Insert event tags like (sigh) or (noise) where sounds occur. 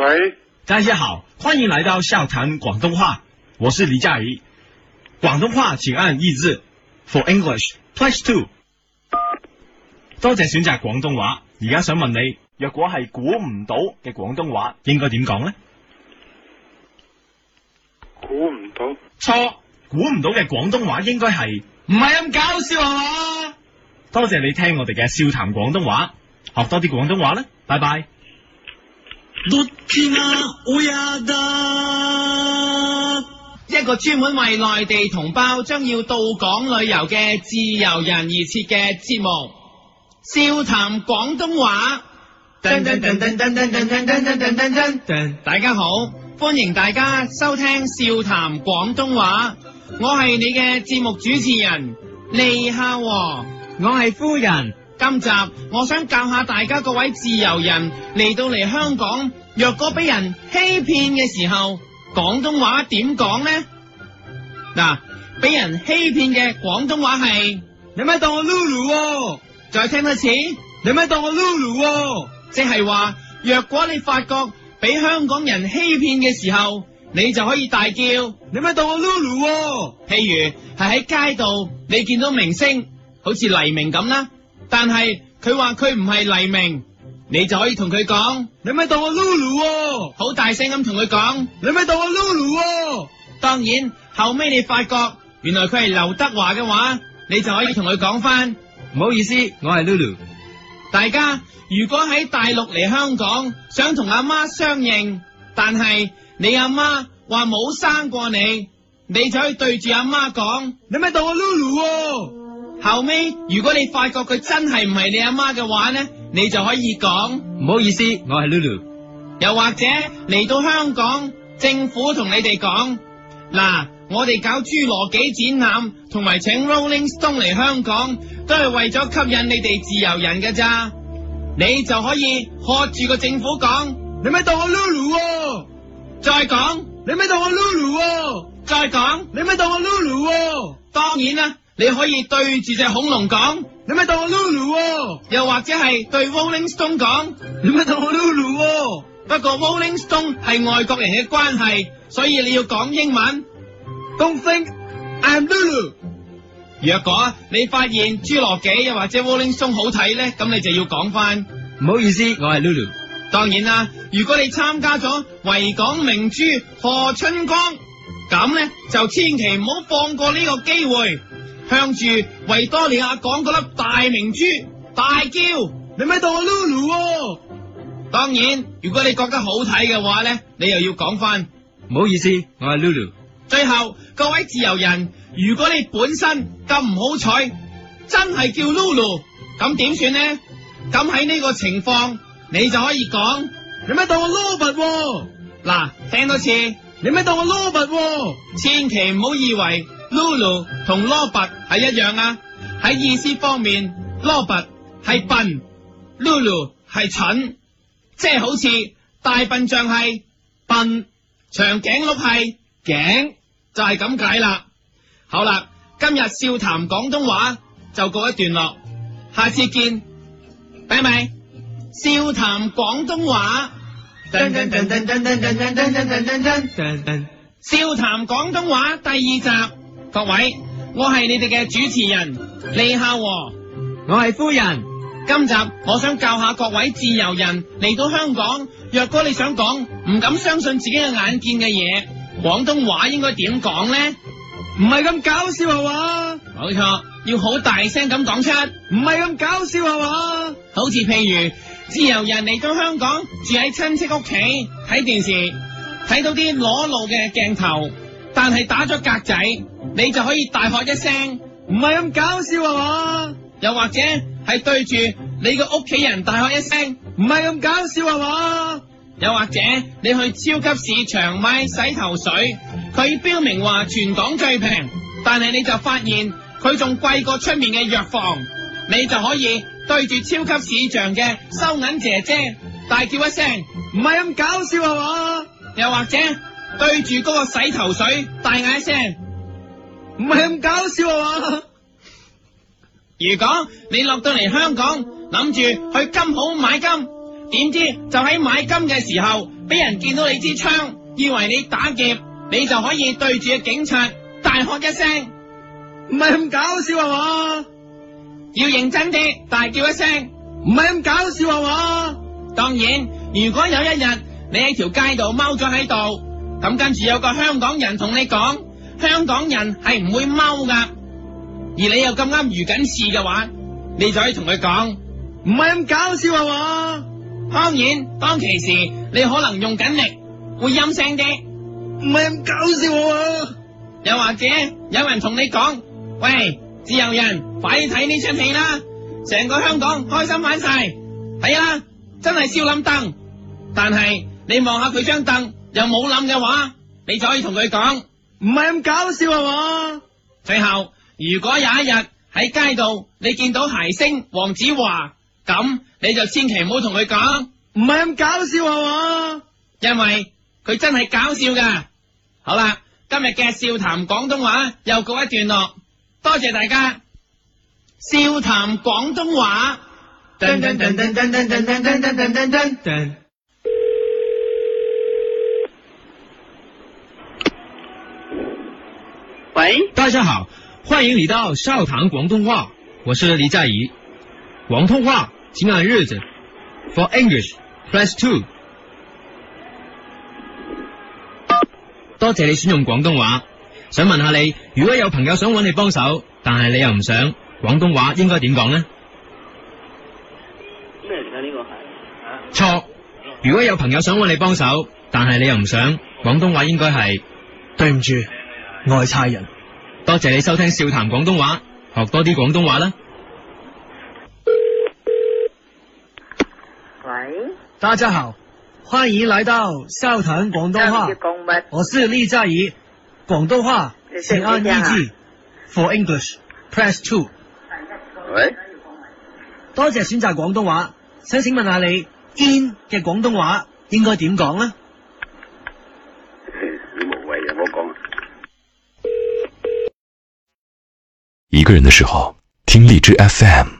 喂，大家好，歡迎來到笑談廣東話，我是李嘉儀。廣東話請按一字，For English Press Two。多謝選擇廣東話，而家想問你，若果係估唔到嘅廣東話，應該點講呢？估唔到，錯，估唔到嘅廣東話應該係，唔係咁搞笑係啊嘛？多謝你聽我哋嘅笑談廣東話，學多啲廣東話啦，拜拜。一個專門為內地同胞將要到港旅遊嘅自由人而設嘅節目，笑談廣東話。大家好，歡迎大家收聽笑談廣東話，我係你嘅節目主持人利孝和，我係夫人。今集我想教下大家各位自由人嚟到嚟香港，若果俾人欺騙嘅時候，廣東話點講呢？嗱，俾人欺騙嘅廣東話係你咪當我 Lu Lu。喎，再聽一次，你咪當我 Lu Lu。喎，即係話若果你發覺俾香港人欺騙嘅時候，你就可以大叫你咪當我 Lu Lu 喎。譬如係喺街度你見到明星好似黎明咁啦。但係佢話佢唔係黎明，你就可以同佢講，你咪當我 Lulu 喎，好大聲咁同佢講，你咪當我 Lulu 喎。當然後尾你發覺原來佢係劉德華嘅話，你就可以同佢講返，唔好意思，我係 Lulu。大家如果喺大陸嚟香港，想同阿媽相認，但係你阿媽話冇生過你，你就可以對住阿媽講，你咪當我 Lulu 喎。後尾如果你發覺佢真係唔係你阿媽嘅話咧，你就可以講，唔好意思，我係 Lulu。又或者嚟到香港，政府同你哋講，嗱，我哋搞侏羅紀展覽，同埋請 Rolling Stone 嚟香港，都係為咗吸引你哋自由人嘅咋，你就可以喝住個政府講，你咪當我 Lulu 喎。再講說，你咪當我 Lulu 喎。再講說，你咪當我 Lulu 喎。當然啦。你可以對住隻恐龍講，你咪當我 Lulu，喎，又或者係對 Rolling Stone 講，你咪當我 Lulu 喎。不過 Rolling Stone 係外國人嘅關係，所以你要講英文。Don't think I'm Lulu。若果你發現侏羅紀又或者 Rolling Stone 好睇咧，咁你就要講翻，唔好意思，我係 Lulu。當然啦，如果你參加咗《維港明珠》何春光，咁咧就千祈唔好放過呢個機會。向住維多利亞港嗰粒大明珠大叫，你咪當我 Lulu 喎。當然，如果你覺得好睇嘅話咧，你又要講翻。唔好意思，我係 Lulu。最後，各位自由人，如果你本身咁唔好彩，真係叫 Lulu，咁點算呢？咁喺呢個情況，你就可以講，你咪當我 Robert 喎。嗱，聽多次，你咪當我 Robert 喎。千祈唔好以為。Lulu 同羅拔係一樣啊！喺意思方面，羅拔係笨，Lulu 係蠢，即係好似大笨象係笨，長頸鹿係頸，就係、是、咁解啦。好啦，今日笑談廣東話就告一段落，下次見，拜拜！笑談廣東話，燈燈燈燈燈燈燈燈燈燈燈燈，笑談廣東話第二集。各位，我係你哋嘅主持人李孝和，我係夫人。今集我想教下各位自由人嚟到香港，若果你想講唔敢相信自己嘅眼見嘅嘢，廣東話應該點講呢？唔係咁搞笑下話？冇錯，要好大聲咁講出，唔係咁搞笑下話？好似譬如自由人嚟到香港，住喺親戚屋企睇電視，睇到啲裸露嘅鏡頭，但係打咗格仔。你就可以大喝一聲，唔係咁搞笑下話？又或者係對住你個屋企人大喝一聲，唔係咁搞笑下話？又或者你去超級市場買洗頭水，佢標明話全港最平，但係你就發現佢仲貴過出面嘅藥房，你就可以對住超級市場嘅收銀姐姐大叫一聲，唔係咁搞笑下話？又或者對住嗰個洗頭水大嗌一聲。唔係咁搞笑啊！ (laughs) 如果你落到嚟香港，諗住去金鋪買金，點知就喺買金嘅時候俾人見到你支槍，以為你打劫，你就可以對住個警察大喝一聲，唔係咁搞笑啊！ (laughs) 要認真啲，大叫一聲，唔係咁搞笑啊！ (laughs) 當然，如果有一日你喺條街度踎咗喺度，咁跟住有個香港人同你講。香港人係唔會踎噶，而你又咁啱遇緊事嘅話，你就可以同佢講唔係咁搞笑啊！當然，當其時你可能用緊力，會陰聲啲，唔係咁搞笑啊！又或者有人同你講：喂，自由人，快啲睇呢出戲啦！成個香港開心玩晒，係啊，真係少冧凳。但係你望下佢張凳又冇冧嘅話，你就可以同佢講。唔係咁搞笑啊！最後，如果有一日喺街度你見到諧星黃子華，咁你就千祈唔好同佢講，唔係咁搞笑啊！因為佢真係搞笑噶。好啦，今日嘅笑談廣東話又告一段落，多謝大家笑談廣東話。大家好，歡迎嚟到笑談廣東話，我是李嘉怡。廣東話請按日子 for English p l u s (noise) s two。多謝你選用廣東話，想問下你，如果有朋友想揾你幫手，但係你又唔想廣東話，應該點講呢？咩嚟噶？呢、呢個係錯、啊。如果有朋友想揾你幫手，但係你又唔想廣東話應該，應該係對唔住， (noise) 外差人。多謝你收聽笑談廣東話，學多啲廣東話啦。喂，大家好，歡迎來到笑談廣東話，我是李嘉怡，廣東話，請按一字，For English，Press Two。喂，多謝選擇廣東話，想請問下你 in 嘅廣東話應該點講呢？一個人的時候，聽荔枝 FM。